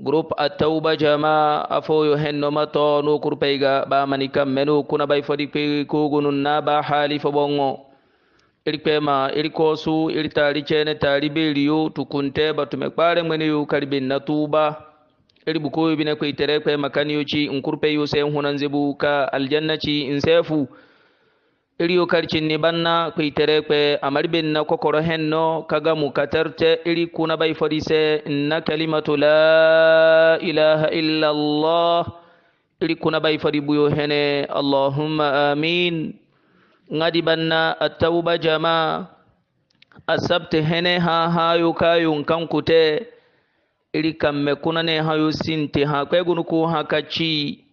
groupe a tawba jama afo yo hennoma to nokur payga ɓamani kam mene kuna ɓay fodi kogunun na ɓa haali fo ɓon o iri kpema iri koosu iri taari cene taari ɓeeri yo tukunte batume kpare mene yo karibin na tuba iri ɓukoyo bine kwe tere kpema kan yo ci nkur pay yo sen hunanzebu ka aljanna ci nsefu Iri iriyo karcinni banna kuitere kwe amari benna kokoro henno kaga mu mukatarte iri kuna bai fodise na kalimatu la ilaha illa allah iri kuna bai fari buyo hene allahumma amin ngadi banna attauba jama asabte hene ha ka hayo kayun kankute iri kamme kunane hayo sinte ha kwegunu ko ha kacci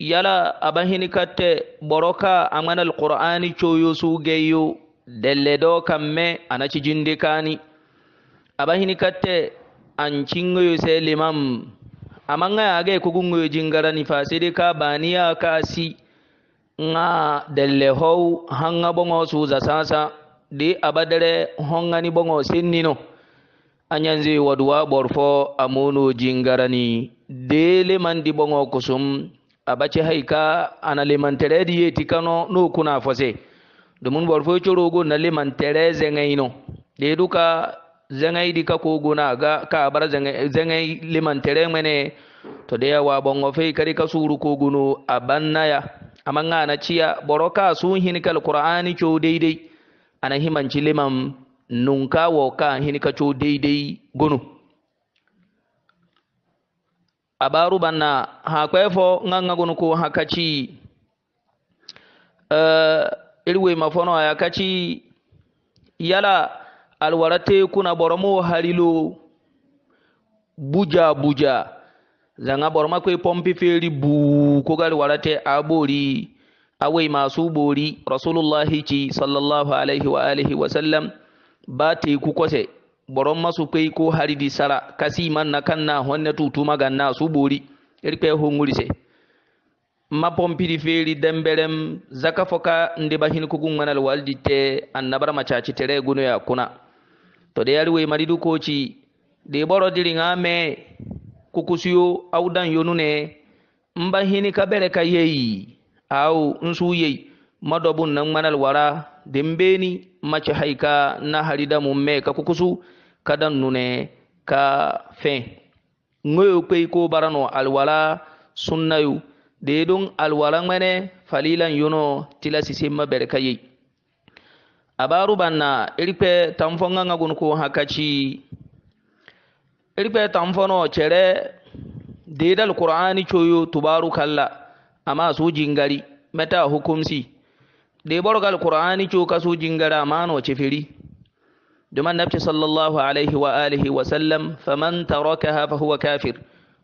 yala aba hini katte boroka amanal qur'ani coyo sugeyo delle do kamme anaci jindi kani aba hini katte an cingoyo se limam amanga yage kugungoyo jingara ni fasidi ka baniya kasi nga delle hou hanga bongo suza sasa di abadere hongani bongo sinnino anyanzi waduwa borfo amono jingarani dele mandi bongo kusum a ɓacci hay ka ana lemantereede yeeti kano no kuna fose domin bor fo corogo na lemantere zeŋey no deedu ka zeŋey di ka kogona ga ka abara zeŋey lemantere mene to de a waɓoŋo fey kadi ka suuru kogono a bannaya ama ŋana ciya boro ka sun hinikal qur'ani co deidei ana himanci liman nunka wo ka hinika co deidei gonu abaru banna ha kwe fo ŋaŋa gunu ku ha kaci uh, eh, iriwe mafono aya kaci yala alwara kuna boromo halilo buja buja zaŋa boroma kwe pompi feri bu koga alwara te abori awe masu bori rasulullahi ci sallallahu alaihi wa alihi wa sallam ba teku kose boron masu kwai ko hari di sara kasi man na kan na wannan tutu magan na su buri irka ya hunguri se ma pompiri feri dambaren zaka foka inda ba hin kukun wani alwaldi te annabar macaci tere guno ya kuna to da yari wai maridu koci da boro diri nga me kukusiyo audan yonu ne in ba hin ka bere ka yeyi au in su yeyi madobun nan wani alwara dimbeni mace haika na harida mun me ka kukusu kadan nune ka fe ngoyo kwei ko barano alwala sunnayu deedon alwala ŋmene falilan yuno tila sisimma bereka yei abaru banna irikpe tanfonga ŋagun ko hakachi irikpe tanfono chere deedal qur'ani choyo tubaru kalla ama su jingari meta hukumsi deboro gal qur'ani cho ka su jingara amano cheferi da manabci sallallahu alaihi wa alihi wa sallam faman taroka hafa huwa kafir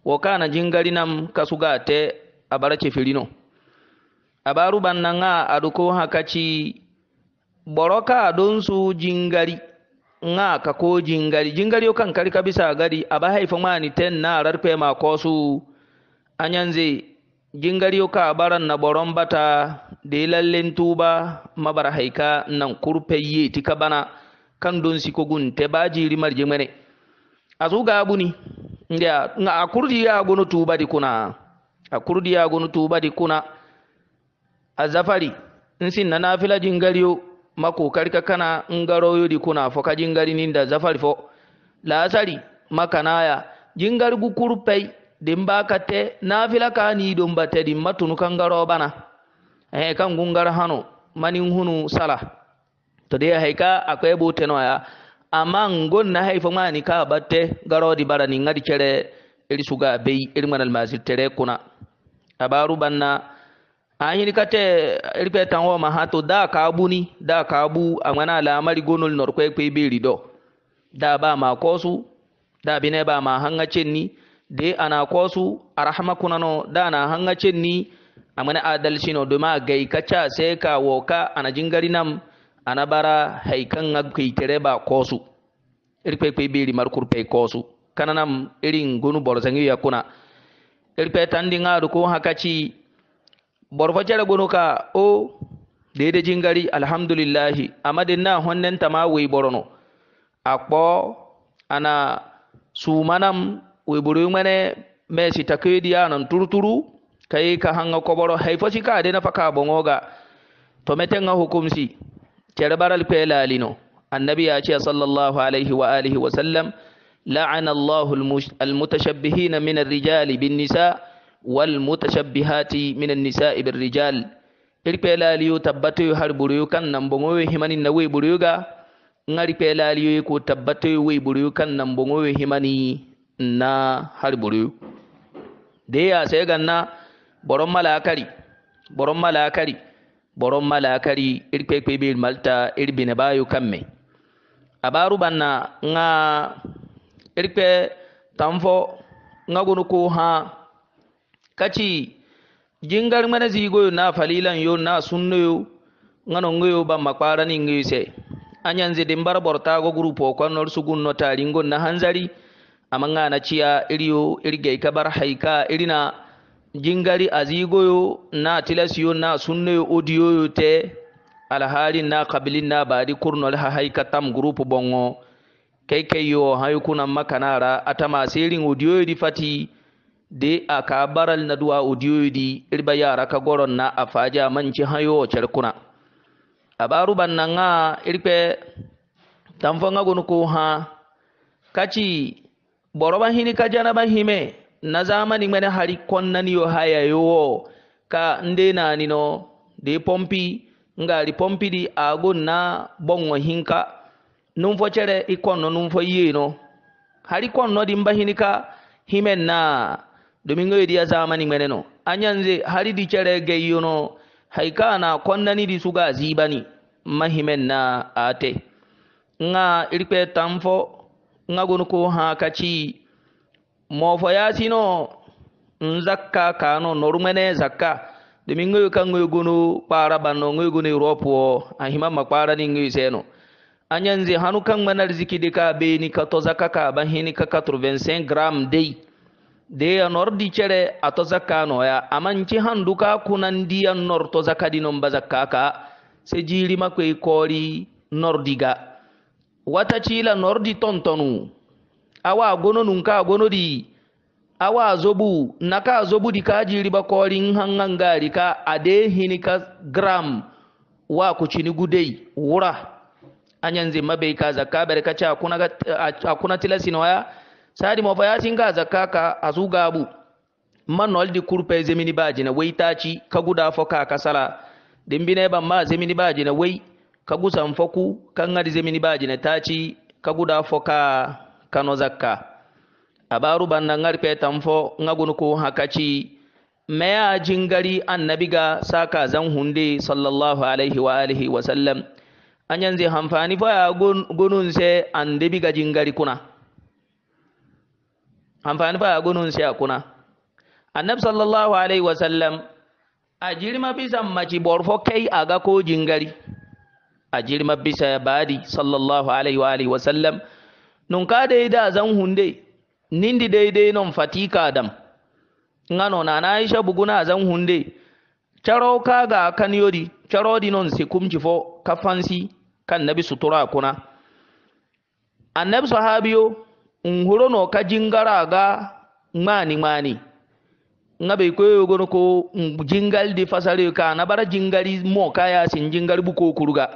wa kana jingari nan ka su ga ta a bar kefirino a baru ban nan a aduko haka ci boroka don su jingari nga ka ko jingari jingari yau kan karka bisa gari a ba haifa ma ni ten na rarfe ma ko su anyan zai jingari yau ka baran na boron bata da lallen tuba mabar haika nan kurfe yi tika bana kan don si kogun te baji rimar jimene A ga buni ndia nga akurdi ya gono tuba di kuna akurdi ya gono tuba di kuna azafari sin na nafila jingariyo mako karka kana yo di kuna fo ka jingari ninda zafari fo lasari makanaya jingar gukurpei dimba kate nafila ka ni don Din matunu tunu kangaro bana eh kan gungar hano manin hunu sala to de hay ka akoye bu tenoya amma gonna hay fo ŋani ka batte garodi barani ŋadi kere eri suga bei eri ŋanal masir tere kuna abaru banna a hini kate eri pe tan woma ha to da kabu ni da kabu a ŋana lamari gonol norkoye kpe beri do da ba ma kosu da bine ba ma hanga chenni de ana kosu arahama kunano da na hanga chenni a ŋana a dalsino doma gai kacha se ka woka ana jingari nam ana bara hay kan ga kuitere ba kosu iri pe kwai biri markur pe kosu kananam irin gunu boro sangi ya kuna iri pe tandi nga ko hakachi boro fajara gunu ka o dede jingari alhamdulillahi amadin na honnen tama wi borono akpo ana sumanam wi buru mane mesi takedi anan turturu kai ka hanga koboro hay fasi ka de na faka bongoga to meten nga hukumsi cerbaral peelalino annabi yace sallllahu alayhi wa alihi wa sallam لعن الله المتشبهين من الرجال بالنساء والمتشبهات من النساء بالرجال irpelaliyo tabbatoyo har buruyo kan nan bongoyo himani na wey buruyo ga ngari pelaliyo ko tabbatoyo wey buruyo kan nan bongoyo himani na har buruyo de ya sai ganna boron malakari boron malakari boron malakari irkpekpebir malta irbine bayu kamme abaruɓanna ga irkpe tanfo gagunu ku ha kaci jingar mana zigoyu na falilan yo na sunnoyo ganongoyo bamma kparaningoyu se anyanzi dimbar bortago grup o kannor sugunno taringon na hanzari amaga na ciya iriyo irgeyka bar haika irina jingari azigoyo na tilasiyo na sunnoyo odiyoyo te alhari na kabili na bari kurnol ha haika tam groupe bongo kai kai yo hayu kuna makanara atama sirin odiyoyo di fati de aka baral na duwa odiyoyo di irba yara ka goron na afaja manci hayo cerkuna abaru bannanga irpe tamfanga gonuko ha kachi boroba hini kajana ba hime na zamani mene hari konnaniyo haya yowo ka nde nanino de pompi ngari pompidi ago na bongo hinka num fo cere i konno num fo yeno hari konno di mbahini ka himen na domingoyidi ya zamani mene no anyanze hari di cere geyono hayka na konnani di suga zibani mahimen na ate nga irikpe tamfo nga gonuko ha kaci mofayatino nzakka kano norumene zakka domin ngoyo kan ngoyo gono kpara banno ngoyo gono europe wo ma makpara ni ngoyo seno anyanze hanu kan manar ziki de ka beni ka to zakka ka ban hini ka 85 gram dai de ya nordi cere a to zakka no ya amanci handuka kunan diyan nor to zakka dinon ba zakka ka se jiri makwai kori nordiga wata cila nordi tontonu awa gono nunka gono di awa zobu naka zobu di kaji riba korin hangan gari ka ade ni ka gram wa ku cini gudai wura anyan zai mabai ka zakka bare ka ci akuna tilasi na waya sadi mafa ya sin ka zakka ka azu gabu man di kurpe zemini baji na wai ci ka guda fo ka kasala dimbine ban ma zemini baji na wai ka gusan foku kan ngadi zemini baji na ci ka guda fo ka kano zakka abaru banna ngari pe tamfo ngagunu ko hakaci maya jingari annabiga saka zan hunde sallallahu alaihi wa alihi wa sallam anyanzi hamfani fa gunun se andibiga jingari kuna hamfani fa gunun se akuna annabi sallallahu alaihi wa sallam a jirma bisa maci borfo kai aga ko jingari a jirma bisa badi sallallahu alaihi wa alihi wa sallam non ka dai da zan hunde nindi daidai non fatika dam ngano na na isha buguna zan hunde caro ka ga kan yodi caro di non se kumji fo ka fansi kan nabi sutura kuna annabi sahabiyo huro no ka jingara ga mani mani nga bai koyo gono ko jingal di fasare ka na bara jingari mo kaya sin jingari buko kuruga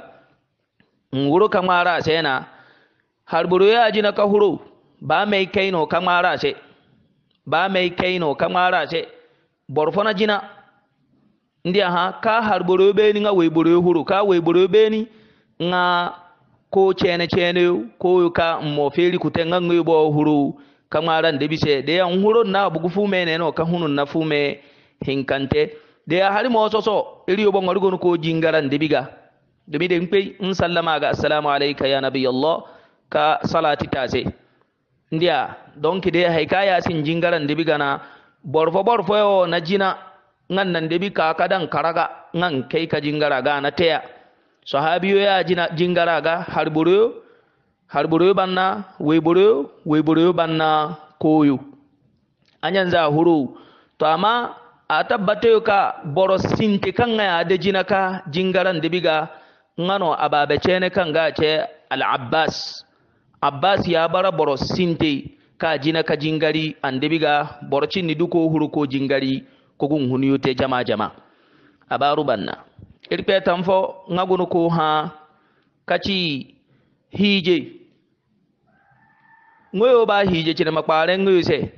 ka kamara sena har ɓuru ye ajina ka huro ba mei kaino ka ŋmaarase ba mei kaino ka ŋmaarase boro fona jina ndi aha ka har ɓuru ye ɓeni ŋa wei ɓuru ye huro ka wei ɓuru ye ɓeni ŋa ko chene chene ko ka mo feri kute ŋa ŋoyo ɓo huro ka ŋmaara nde bise de ya huro na bugu fu me neno ka hunu na fu me hinkante de ya hari mo soso iri yo ɓo ŋarugonu ko jingara nde biga domi de ŋkpei ŋ sallama ga assalamu alayka ya nabiy allah ka salati tase ndiya donc de hay ka sin jingaran debi bigana borfo borfo yo na jina ngan nan debi ka kadan karaga ngan kai ka jingara ga na teya sahabiyo ya jina jingara ga harboro harboro banna weboro weboro banna koyo anyan za huru to amma a tabbata ka boro sinti kan ya da jina ka jingaran debi biga ngano ababe chene kan ga ce al-abbas abbas ya bara boro sinte ka jina ka jingari andebiga boro cinni duko huru ko jingari kogun huniyute jama jama abaru banna irpe tamfo, ngagunu ko ha kaci hije ngoyo ba hije cine makpare ngoyo se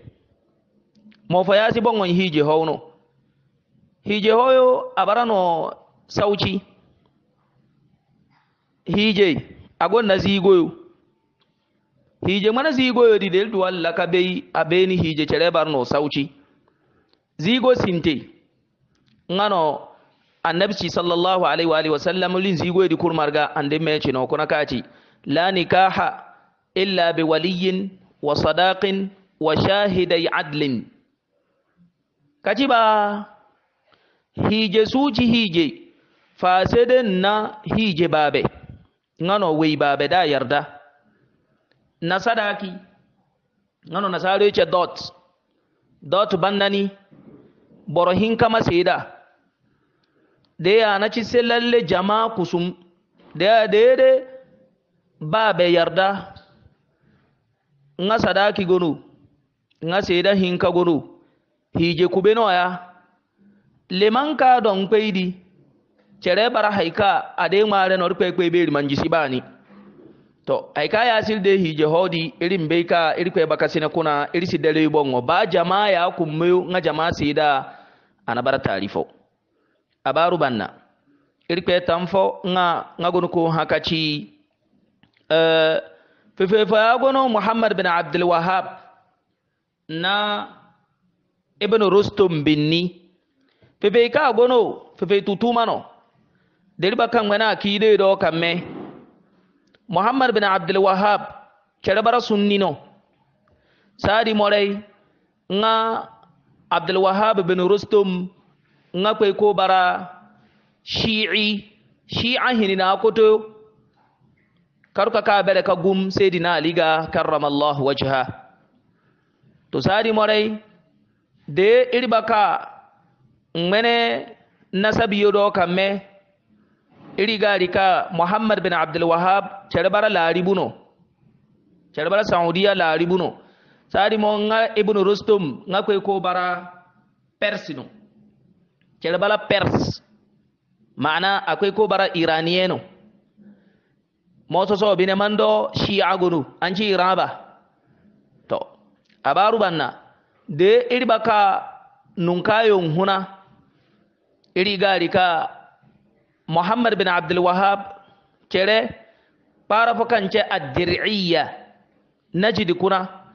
mofo yasi bongon hije howno hije hoyo abarano sauci hije agon nazigoyo hije mana zigo yodi del duwalla ka bei a beni hije cere barno sauci zigo sinte ngano annabi sallallahu alaihi wa alihi wasallam lin zigoyodi kurmarga ande no kuna kaci la nikaha illa bi waliyin wa sadaqin wa shahidai adlin kaci ba hije suji hije faseden na hije babe ngano wei babe da yarda nasara ki nano nasara yake dot dot bandani borohin kama seda da ya na ci sai lalle jama'a kusum da ya daidai ba bai yarda nga sadaki gono nga seda hinka gono hije kube no ya leman ka don kwaidi cere bara haika a dai mare na rufe kwaibe manjisi bani ba to ai ka yasil de hije hodi irin bai ka irkwe baka sina kuna irsi dare bongo ba jama'a ya kummu nga jama'a si sida anabara tarifo abaru banna irkwe tamfo nga nga gonu ko hakaci eh fefefa ya gonu muhammad bin abdul wahhab na ibn rustum binni fefei ka gono fefei tutumano deriba kan ŋmɛna kiide do kamme muhammad bin abdul wahab kerebara sunnino sadi moray nga abdul wahab bin rustum nga kwe ko bara shi'i shi'a hinina koto karuka ka bere ka gum sayidina ali ga karramallahu wajha to sadi moray de iribaka ngmene nasabiyo do kamme Iri ka muhammad bin abdul wahab cerbara laribuno cerbara saudiya laribuno sari mo nga ibn rustum nga kwe ko bara persino cerbara pers ma'ana akwai ko bara iranieno mo so bine mando shi gunu an ci iraba to abaru banna de iri nunkayo nunkayon huna gari ka muhammad bin abdul wahab kere parafo kance addir'iyya najid kuna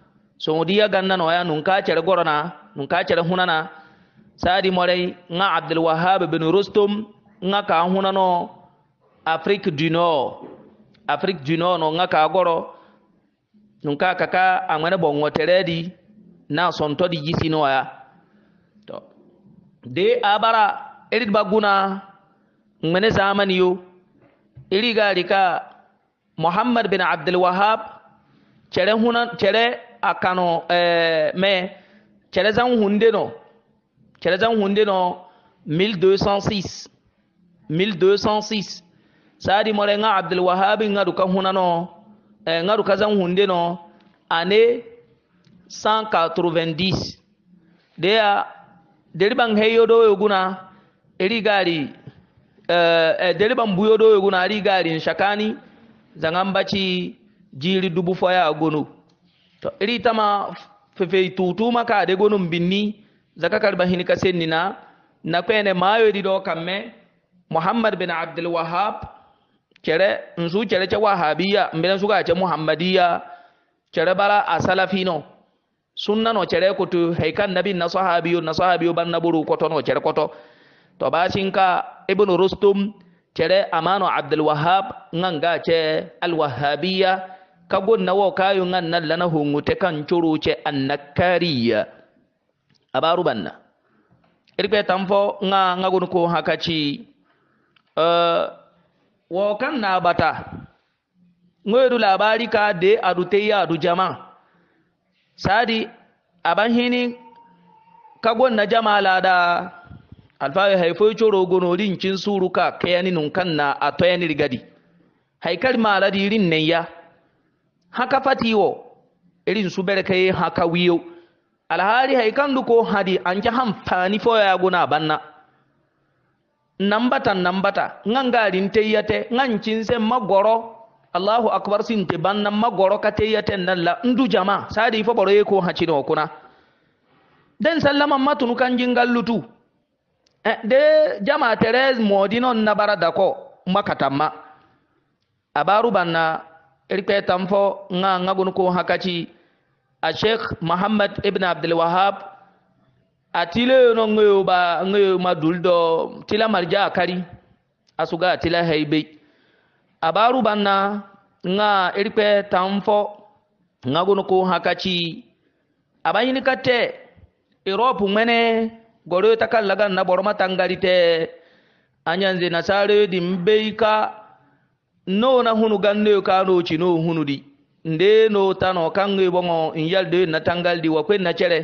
diya ganna noya nun ka cere gorona nun ka cere hunana sadi morai nga abdul wahab bin rustum nga ka hunano afrique du nord afrique du nord no nga ka goro nun ka kaka bon bongo di, na sonto di jisi noya to de abara edit baguna ngmene zamani yo iri ga rika, muhammad bin abdul wahab cere huna cere akano eh, me cere zan hunde no cere zan hunde no 1206 1206 sadi more nga abdul wahab nga duka huna no eh, nga duka zan hunde no ane 190 deya deriban heyo do yoguna iri gari e eh, eh, deriban buyoɗoyogu naari gaari chakani zagan bacci jiiri dubu foya gono to iri tama fefei tutuma kaade gonum binni zakakar bahini ka senni na nakwene mayoɗi ɗo kamme mohammad ben abdelwahab cere nsu cere ce wahabiya mbele suga ce muhammadiya cere bara a salafino sunna no cere kotu heykan nabi na sahabiyo na sahabiyo ban naburu koto no cere koto to basinka ibnu rustum cere amano abdulwahab ngan ga ce alwahabiya kagun nawo kayu ngan nan lana hungute kan curu ce annakariya abaru banna irbe tanfo nga ngagun ko hakaci uh, eh, wo kan na bata ngoyru labari ka de adute ya adu jama sadi aban hini kagon na jama lada alfawe hay foy corogonorin cin suruka kayani nun kan na a toyanir gadi haikari maladirin nen ya haka fatiwo irin su berkaye haka wiyo alhari haikan duko hadi an ki hamfani foya guna banna nambata nambata ngan garin teyate ngan cin sen magoro allahu akbar sin te banna magoro ka teyate nalla ndu jama sadi fo boroye ko hacino kuna den sallama matunu kan jingallutu Eh, de jama teres modino na bara dako makatama abaru banna irpe tamfo nga ngagun ko hakachi a sheikh muhammad ibn abdul wahab atile no ngoyo ba ngoyo maduldo tila marja akari asuga tila heibe abaru banna nga irpe tamfo ko hakachi abayini kate europe mwene goro ta kan lagan na boroma tangarite anyanze nasare di mbeika no na hunu ganne ka no chi no hunu di nde no ta no kan ngi bongo inyal de na tangal di wa kwen na chere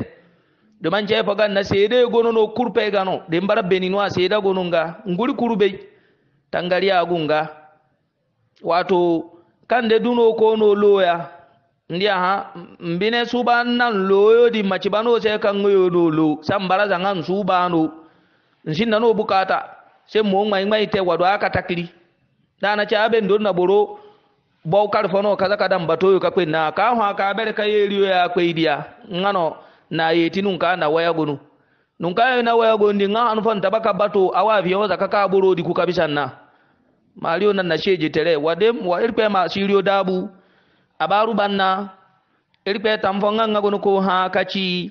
do man che pagan na sede gono no kurpe gano de mbara benino a seda gonunga nguri kurube tangari agunga wato kan de duno ko no loya ndi aha mbine suban nan di macibano se kango yodo lo sambara zanga nsubano nsinna no bukata se mo ngai ngai te wadwa aka takiri dana cha aben ndon na boro baw karfono kaza kadam batoyo ka kwen na ka ha ka ber ka yeliyo ya kweidia ngano na yeti ka na waya gonu nunka na waya gondi nga fon tabaka bato awa biyo zakaka boro di ku kabisan na maliyo nan na sheje tere wadem wa irpe ma siriyo dabu abaru banna irpe tamfonga ngagunu ko ha kachi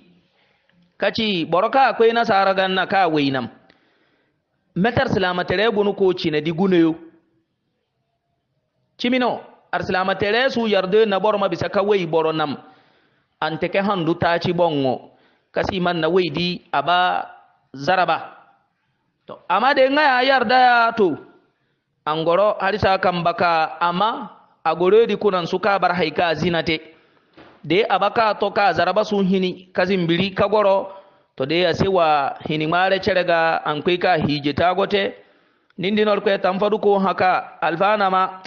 kachi boroka akwai nasara ganna ka wainam metar silamatere gunu ko cine di guneyo cimino arsilamatere su yarde na boroma bisa ka wai boronam anteke handu chi bongo kasi man na wai di aba zaraba to amade da ngaya yarda ya to angoro harisa kambaka baka agoredi kunan su kabar haika zina te de abaka to ka zaraba sun hini kazin biri ka goro to de ase wa hini mare cerega an kwe ka hije ta gote nin dinor kwe tan fadu ko haka alfana ma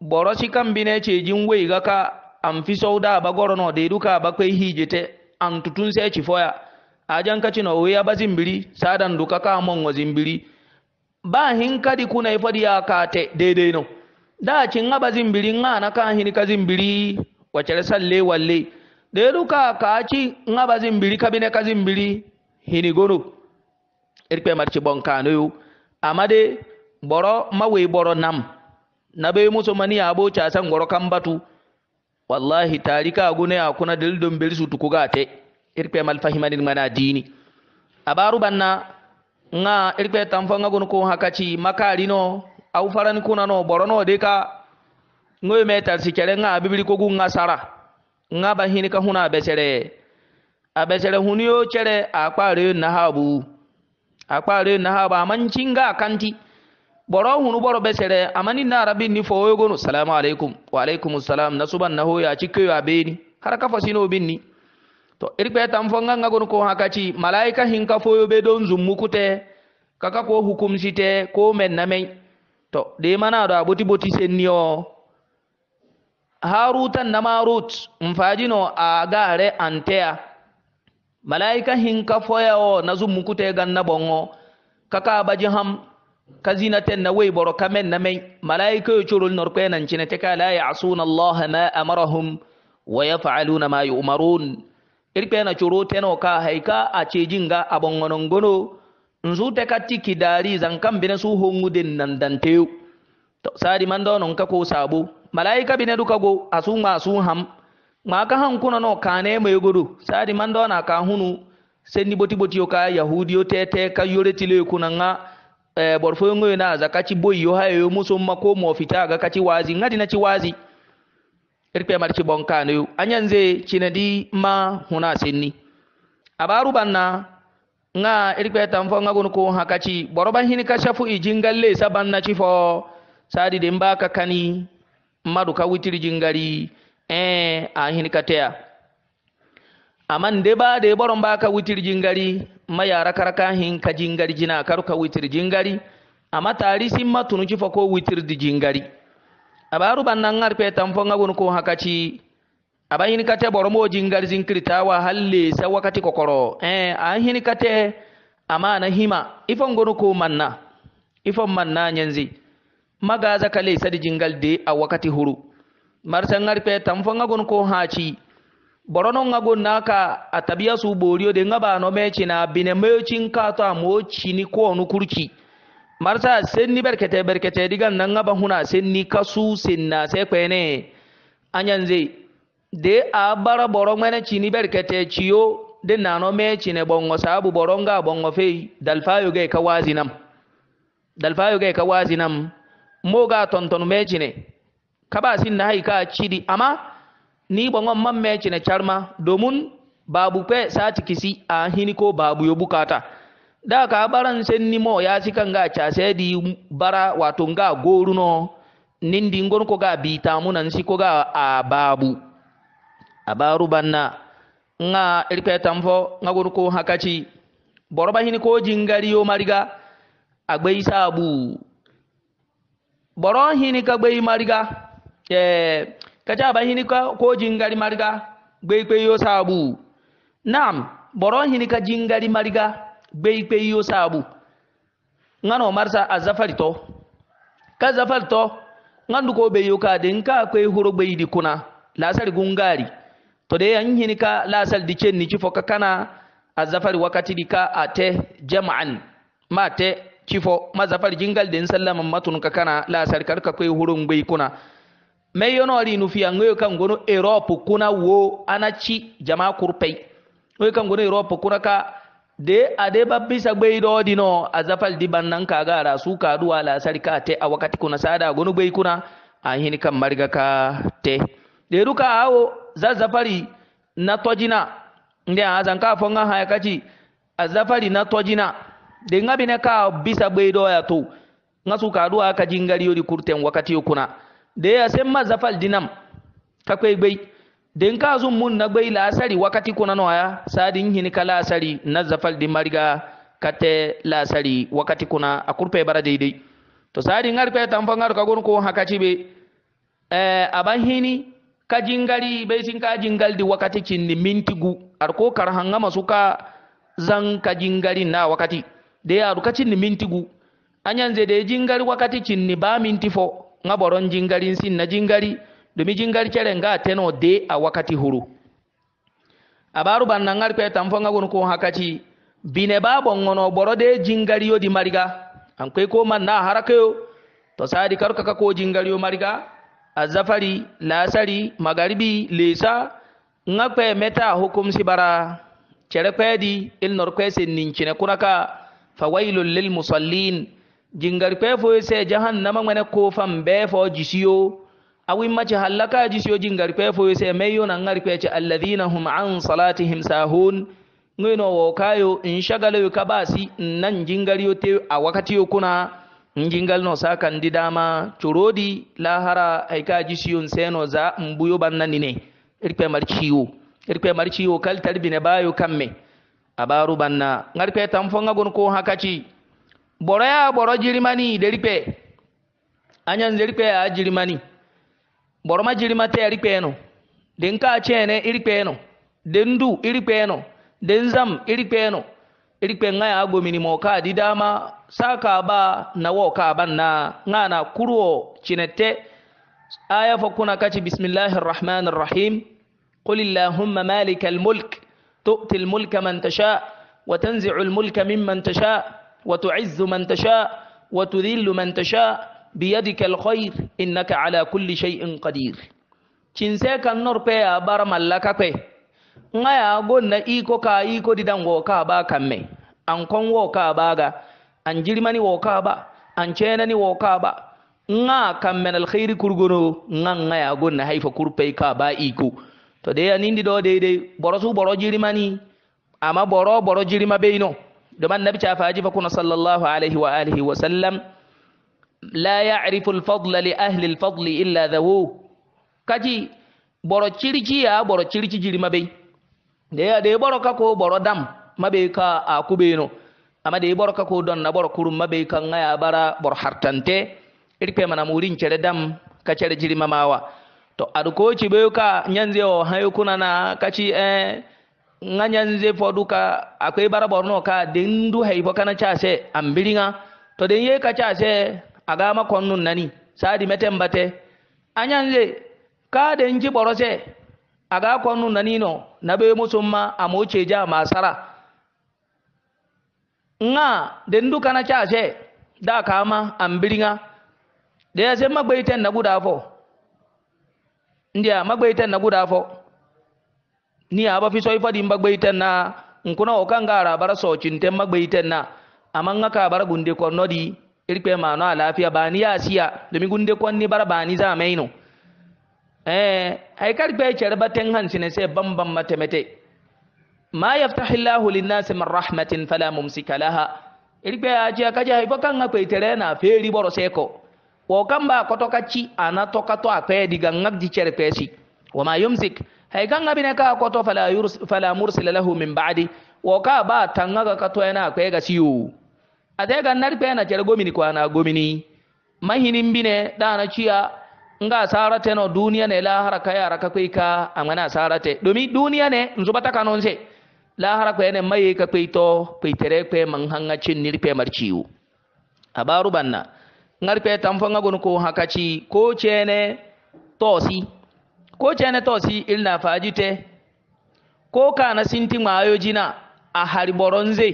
boro si kan bine ce jin wai ga ka an fi sau da ba goro no de duka ba kwe hije te an tutun se ci foya a jan ka ci no we ya bazin biri sadan duka ka mon wazin biri ba hin kadi kuna ifadi ya ka te daidai no de da a cin haɓa zimbiri ŋa na ka hini ka zimbiri wacere salle walle da yadu ka ka a ci ŋaɓa zimbiri kabine ka zimbiri hini gono irkpe marci bon kano yu amma de boro ma wei boro nam na be muso mani ya bo ca san goro kan batu wallahi tari ka gune ya kuna dil don beri su tuku ga te irkpe mal fahimani ngana dini abaru banna nga irkpe tamfa nga gono ko hakachi makari no aw farani kunano borono de ka ngoy metal si kere nga bibili ko gunga sara nga ba hinika huna besere besere huniyo chere akpare na habu akpare na habu amanchinga kanti boro hunu boro besere amani na rabbi ni fo no salamu alaikum wa alaikum salam nasuban na hoya chikyo ya beni har ka fasino binni to irbe tan fo nga gonu ko hakati malaika hinka fo yobe don zummukute kaka ko hukum site ko men na men to de mana da boti boti senniyo harutan na marut mfajino a gare anteya malaika hinka foyawo na zum mukute gan na bongo kaka baji ham kazina ten na wey boro kamen na mai malaika yo curul norkwe nan cine te kala ya asuna allah ma amarahum wa yaf'aluna ma yu'marun irpe na curo teno ka haika a cejinga a bongonon nzuute katti kidaari zan kam bine su honguden nandanteyo to sari man do non ka ko sabo malaika bine duka go asu ma su ham ma ka han kuna no kane mai gudu sari man do ka hunu senni boti boti yo ka yahudi yo tete ka yore tile kuna nga e borfo ngoyo na zakati boy yo hayo muso ko mo fita ga kati wazi ngadi na ci wazi irpe ne. bonkano anyanze cinadi ma huna senni abaru banna nga irikpe tanfo nga gunu ko hakaci boroba hini kashafu ijingalle saban na chifo sadi de mbaka ka kani madu ka witiri jingari eh a ah, hini katea aman de ba de boron ka witiri jingari maya rakaraka hin ka jingari jina karu ka witiri jingari ama tari sin matunu chifo ko witiri di jingari abaru bannan ngarpe tanfo nga gunu ko hakaci a aba hinikate boromo jingar zinkiritawa sa wakati kokoro eh a hinikate amana hima ifon gono ko manna ifon manna nyanzi magaza kale sadi jingal de a wakati huru marsan ngarpe tamfon ngagon ko haci borono ngagon naka a tabiya su boriyo de ngaba no meci na bine mecin ka to moci ni ko onu kurci marsa senni berkete berkete digan nan ngaba huna senni kasu senna sai kwene anyanze de a bara boro ŋmene cini berkete ciyo de nano me cine bongo sabu boronga bongo fei dalfa yoge ka wazinam dalfayo ge ka wazinam moga tonton me cine kaba sin na ka cidi amma ni bongo man me cine charma domun babu pe sati kisi a hini ko babu yo bukata da ka baran sen ni mo ya sikan ga cha di bara wato ga goruno nindi ngon ko ga bitamu nan si ko ga a babu abaru banna nga eliketan fo nga gonu ko hakaci boroba hini ko jingari yo mariga agbei sabu boro hini ka gbei mariga e eh, kaca aba hini ka ko jingari mariga gbei kpei yo sabu nam boro hini ka jingari mariga gbei kpei yo sabu nga no marsa azafari to ka zafari to nga nduko beyo ka de nka kwe huro gbei di kuna lasari gungari to dai an hini ka lasal di ken ni cifo ka kana a zafari wakati di ka a te jama'an ma te cifo ma zafari jingal den sallama matun ka kana lasal karka kai hurun gbai kuna mai yono ari nu fiya ngoyo kan gono europe kuna wo anaci jama'a kurpai ngoyo kan gono europe kuna ka de ade babbisa gbai do dino a zafal di bannan ka gara su ka duwa lasal ka te a wakati kuna sada gono gbai kuna a hini kan marga ka te de ruka awo zazafari na tojina a zan ka fonga haya kaci azafari na tojina de ngabi ne ka bisa bedo ya to ngasu ka duwa ka jingari yori kurten wakati kuna de ya semma zafal dinam ka kwe gbei. de ka zun mun na gbei la asari wakati kuna no aya sadin hin kala asari na zafal di mariga kate la asari wakati kuna akurpe bara de to sadin ngar pe tamfa ngar ka gon ko hakaci be eh abahini ka jingari bai sin ka jingal di wakati kinni gu ar ko kar hangama suka zan ka jingari na wakati de ya ruka cinni mintigu anyanze de jingari wakati cinni ba minti fo nga boron jingari sin na jingari domi jingari kere nga teno de a wakati huru abaru banna ngar pe tamfo nga gon ko hakati bine ba bongono boro de jingari yo di mariga an kai ko man na harakayo to sadi kar ka ko jingari yo mariga azafari lasari magaribi lesa nga kwe meta hukum sibara chere il nor kwese ninchine kunaka fawailu lil musallin jingar kwe se jahannama ko fam be jisiyo awi mace hallaka jisiyo jingar kwe fo se meyo na ngar kwe alladhina hum an salatihim sahun ngino wo kayo in shagalo kabasi nan jingariyo te a wakati kuna njingal no sakandidama corodi lahara aykaji siyon seno za mbuyo bannanine erkpe mar ciwo erkpe mar ciwo kal tarbine bayo kamme abaru banna ngarkpe tanfongagon ko hakaci boroya boro jirimani derkpe anyan derkpe a jirimani boroma jirimate erkpeno den ka cene irkpeno den du irkpeno den zam irkpeno irkpe ngaya agominimo ka didama sakaba na wo kaban na ngana kurwo cinete aya fokuna kachi bismillahir rahmanir rahim قل اللهم مالك الملك تؤتي الملك من تشاء وتنزع الملك ممن تشاء وتعز من تشاء وتذل من تشاء بيدك الخير إنك على كل شيء قدير cinse kan nor pe a bar mallaka pe nga ya gonna iko ka iko didan ka ba kamme an kon wo ka baga an ni wo kaba an cenani wo kaba nga kan kammen alkhairi kurgono nga nga ya gonna haifa kurpei kaba iko to de anindi do de de su boro jirimani ama boro boro jirima beino domin annabi ta faji fa kuna sallallahu alaihi wa alihi wa sallam la ya'rifu al-fadla li ahli al-fadli illa dhawu kaji boro circi ya boro circi jirima bei da ya da boro ka ko boro dam mabe ka akube no amma de bor ka ko don na bor kurum mabe kan a bara bor hartante irpe mana murin cere dam ka cere jiri mamawa to adu ko ci bai ka nyanze o hayo kuna na kaci eh nga nyanze fodu ka akwai bara borno ka den du hay fo kana chase ambiringa to den ye ka chase aga ma konnun nani sadi meten bate anyanze ka den ji borose aga konnun nani no na be musumma amoche ja masara nga dendu kana se da kama ambiringa da ya sai magbaiten na guda fo ndiya magbaiten na guda fo ni aba fi so ifadi magbaiten na nkuna okanga ara bara so cinte magbaiten na amma nga ka bara gunde ko nodi irpe ma no alafiya ba ni ya siya domin gunde ko ni bara eh, ba ni za maino eh ai karbe cerba ten hansine sai bambam matemete ma yaftahillahu linnasi min rahmatin fala mumsika laha irigbe aji akaji ifo kan akwe tere na feri boro seko wo kan ba koto kachi ana to kato akwe diga ngak di chere pesi wa ma yumsik hay kan abine ka koto fala yurs fala mursila lahu min ba'di wo ka ba tanga ga kato yana akwe ga siyu ate ga nar pe na chere gomini kwa na gomini mahinin bine da na ciya nga sarate no duniya ne la haraka ya raka kai ka amana sarate domi duniya ne nzubata kanonse lahara ko ene maye ka peito peitere pe manhanga cin nirpe marciu abaru banna ngarpe tamfanga gon ko hakachi ko cene tosi ko cene tosi ilna fajite ko kana sinti mayo jina a hariboronze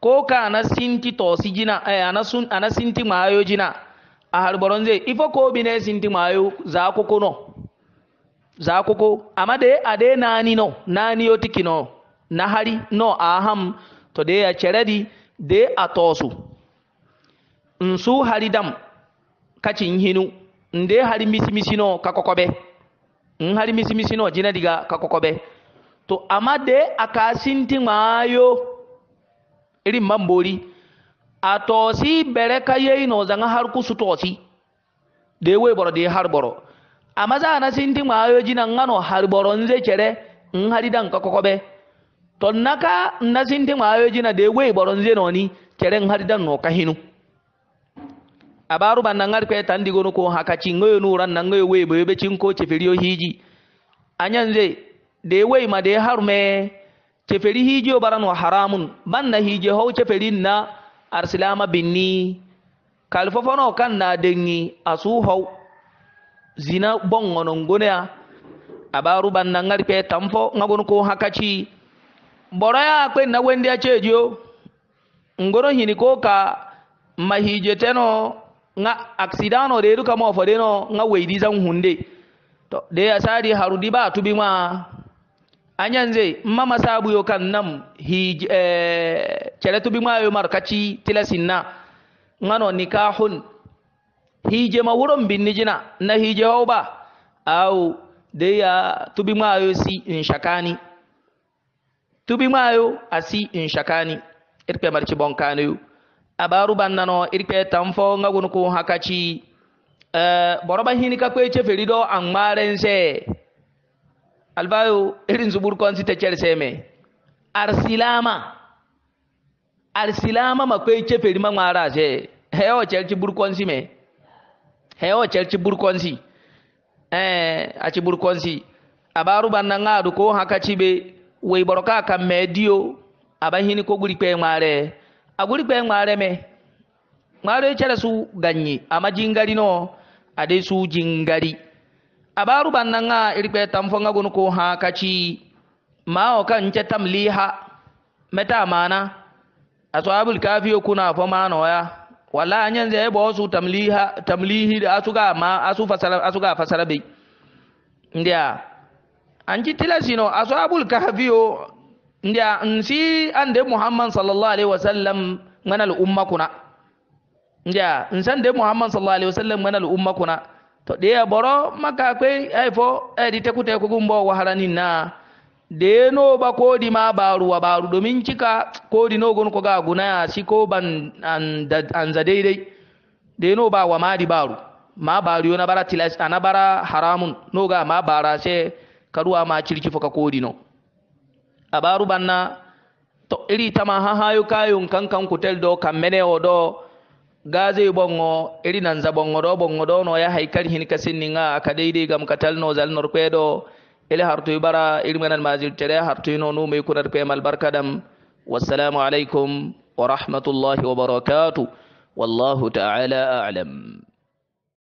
ko kana sinti tosi jina eh, ana sinti mayo jina a hariboronze ifo ko bine sinti mayo za ko kono za koko amade ade nani no nani yo tiki no na hari no aham to de ya a de in nsu hari dam kacin hinu dai hari misi misi no kakokobe in hari misi misi no jina diga kakokobe to amade akasinti mayo irin mambori a tosi bere yayi no zanga har su tosi de we boro de har boro ama zana sinti mwayoji na ngano hariboronze chere ngharida nkakokobe tonnaka na sinti mwayoji na dewe iboronze noni chere ngharida nokahinu abaru banna ngar kwe tandi gono ko haka chingoyo nura nangoyo we bebe chinko chefelio hiji anyanze dewe ma de harme chefeli hiji obaran wa haramun banna hiji ho chefeli na arsilama binni kalfofono kanna dengi asu ho zina bongonongoneya abaru banna ngari pe tamfo ngagon ko hakachi boraya kwe na wendi achejo ngoro hini ko ka mahije teno nga aksidano de duka mo fo deno nga weidi zan hunde to de asadi harudi ba tubi ma anyanze mama sabu yo kan nam hi eh, chere tubi ma yo markachi tilasinna ngano nikahun hije ma wuron binni na hije wau ba au de ya tubi mayo si in shakani tubi mayo asi in shakani irpe marci bonkani yu abaru bannano irpe tanfo ngagun ko hakaci eh boroba hini ka kwe che ferido an marense albayo irin zubur kon si tecer seme arsilama arsilama makwe che ferima ngara se heyo cherci burkon si me hewo oh, cer cibur konsi eh a cibur konsi abaru banna ŋaadu ko haka be wey boro ka kamme diyo aba hini ko guri pe ŋmaare a guri pe ŋmaare me ŋmaare e cere su ganyi ama jingari no ade su jingari abaru banna ŋa iri kpe tamfo nga gunu ko haka ci o kan ce tamliha meta mana aswabul kafiyo kuna fo manoya wala anyan zai e bo su tamlihi da asu ga ma asu fasara asu ga fasara bai ndiya an ji asu ashabul kahfi yo ndiya nsi ande muhammad sallallahu alaihi wasallam ngana al umma kuna ndiya nsan de muhammad sallallahu alaihi wasallam ngana al umma kuna to de boro maka kai ai fo ai di teku teku gumbo waharani na denoɓa koɗima ɓaruwa ɓaru ɗomin cika koɗinogon koga gunaya siko ban anza deidai denoɓa wamadi ɓaru ma ɓaruyo nabara tilas anabara haramun noga ma bara se kaɗuwa ma cirki foka koɗino a ɓaru banna to iri tama hahayo kayon kan kan kutel ɗo kammene o ɗo gaze ɓongo iri nanza ɓongo ɗo ɓongo ɗo no yahay kan hinka sinninga aka deidai gam katalnozalnorkueɗo ele hartoy bara irmanan majil tere hartoy no mai kunar pemal barkadam wassalamu alaikum wa rahmatullahi wa barakatuh wallahu ta'ala a'lam